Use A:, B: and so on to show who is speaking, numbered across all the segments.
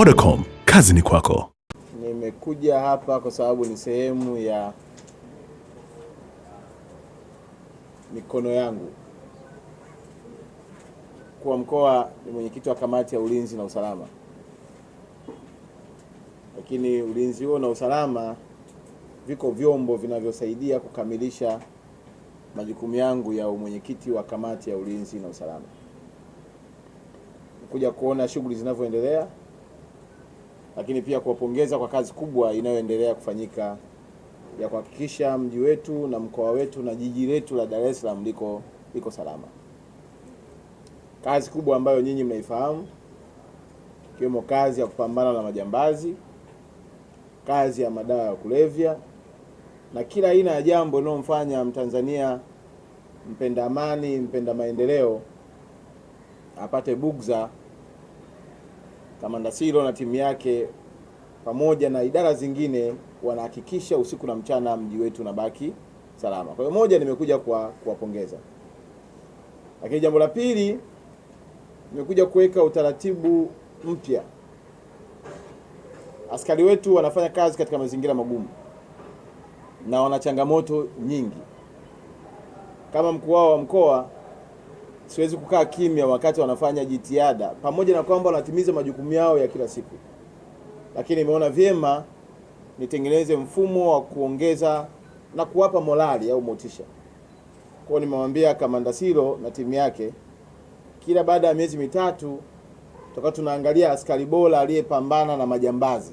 A: Vodacom, kazi ni kwako. Nimekuja hapa kwa sababu ni sehemu ya mikono yangu. Kwa mkoa ni mwenyekiti wa kamati ya ulinzi na usalama, lakini ulinzi huo na usalama, viko vyombo vinavyosaidia kukamilisha majukumu yangu ya mwenyekiti wa kamati ya ulinzi na usalama. Kuja kuona shughuli zinavyoendelea lakini pia kuwapongeza kwa kazi kubwa inayoendelea kufanyika ya kuhakikisha mji wetu na mkoa wetu na jiji letu la Dar es Salaam liko liko salama. Kazi kubwa ambayo nyinyi mnaifahamu ikiwemo kazi ya kupambana na majambazi, kazi ya madawa ya kulevya na kila aina ya jambo linalomfanya Mtanzania mpenda amani, mpenda maendeleo apate bugza Kamanda Siro na timu yake pamoja na idara zingine wanahakikisha usiku na mchana mji wetu unabaki salama. Kwa hiyo moja, nimekuja kwa kuwapongeza, lakini jambo la pili, nimekuja kuweka utaratibu mpya. Askari wetu wanafanya kazi katika mazingira magumu na wana changamoto nyingi. Kama mkuu wao wa mkoa siwezi kukaa kimya wakati wanafanya jitihada, pamoja na kwamba wanatimiza majukumu yao ya kila siku, lakini nimeona vyema nitengeneze mfumo wa kuongeza na kuwapa morali au motisha. Kwa hiyo nimemwambia Kamanda Silo na timu yake, kila baada ya miezi mitatu tutakuwa tunaangalia askari bora aliyepambana na majambazi,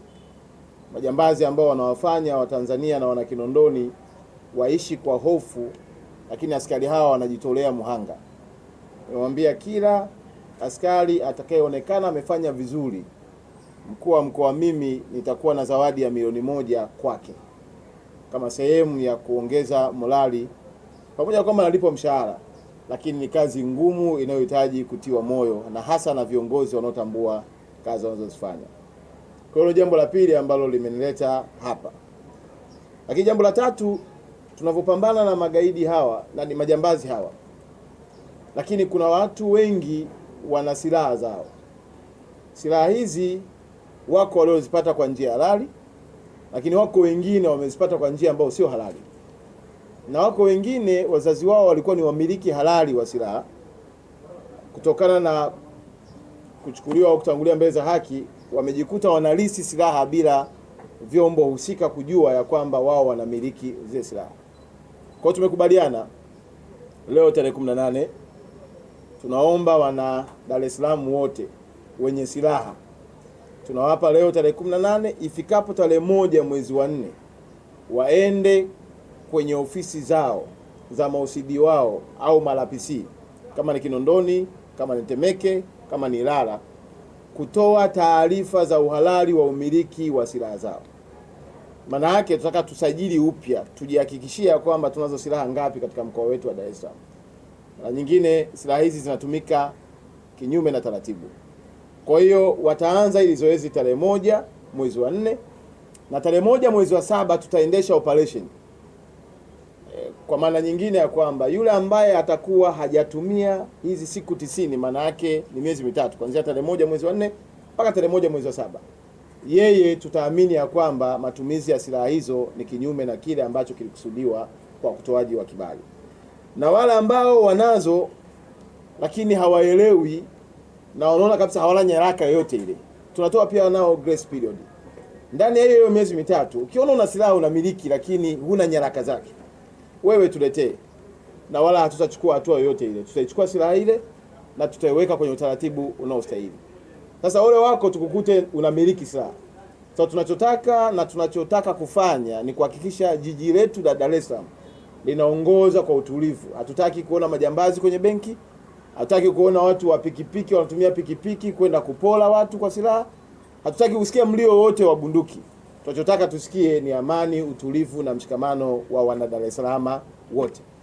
A: majambazi ambao wanawafanya Watanzania na wanakinondoni waishi kwa hofu, lakini askari hawa wanajitolea muhanga. Nimemwambia kila askari atakayeonekana amefanya vizuri, mkuu wa mkoa mimi nitakuwa na zawadi ya milioni moja kwake kama sehemu ya kuongeza morali, pamoja na kwamba nalipo mshahara, lakini ni kazi ngumu inayohitaji kutiwa moyo na hasa na viongozi wanaotambua kazi wanazozifanya. Kwa hiyo jambo la pili ambalo limenileta hapa, lakini jambo la tatu tunavyopambana na magaidi hawa na ni majambazi hawa lakini kuna watu wengi wana silaha zao. Silaha hizi wako waliozipata kwa njia halali, lakini wako wengine wamezipata kwa njia ambayo sio halali, na wako wengine wazazi wao walikuwa ni wamiliki halali wa silaha. Kutokana na kuchukuliwa au kutangulia mbele za haki, wamejikuta wanalisi silaha bila vyombo husika kujua ya kwamba wao wanamiliki zile silaha. Kwa hiyo tumekubaliana leo tarehe 18 tunaomba wana Dar es Salaam wote wenye silaha tunawapa leo tarehe 18 ifikapo tarehe moja mwezi wa nne waende kwenye ofisi zao za mausidi wao au malapisi kama ni Kinondoni, kama ni Temeke, kama ni Ilala kutoa taarifa za uhalali wa umiliki wa silaha zao. Maana yake tunataka tusajili upya, tujihakikishia kwamba tunazo silaha ngapi katika mkoa wetu wa Dar es Salaam na nyingine silaha hizi zinatumika kinyume na taratibu. Kwa hiyo wataanza hili zoezi tarehe moja mwezi wa nne na tarehe moja mwezi wa saba tutaendesha operation e, kwa maana nyingine ya kwamba yule ambaye atakuwa hajatumia hizi siku tisini, maana yake ni miezi mitatu kuanzia tarehe moja mwezi wa nne mpaka tarehe moja mwezi wa saba, yeye tutaamini ya kwamba matumizi ya silaha hizo ni kinyume na kile ambacho kilikusudiwa kwa utoaji wa kibali na wale ambao wanazo lakini hawaelewi na wanaona kabisa hawana nyaraka yoyote ile, tunatoa pia nao grace period ndani ya hiyo miezi mitatu. Ukiona una silaha unamiliki, lakini huna nyaraka zake, wewe tuletee, na wala hatutachukua hatua yoyote ile. Tutaichukua silaha ile na tutaiweka kwenye utaratibu unaostahili. Sasa ole wako tukukute unamiliki silaha. So tunachotaka na tunachotaka kufanya ni kuhakikisha jiji letu la Dar es Salaam linaongoza kwa utulivu. Hatutaki kuona majambazi kwenye benki, hatutaki kuona watu wa pikipiki wanatumia pikipiki kwenda kupola watu kwa silaha, hatutaki kusikia mlio wote wa bunduki. Tunachotaka tusikie ni amani, utulivu na mshikamano wa wana Dar es Salaam wote.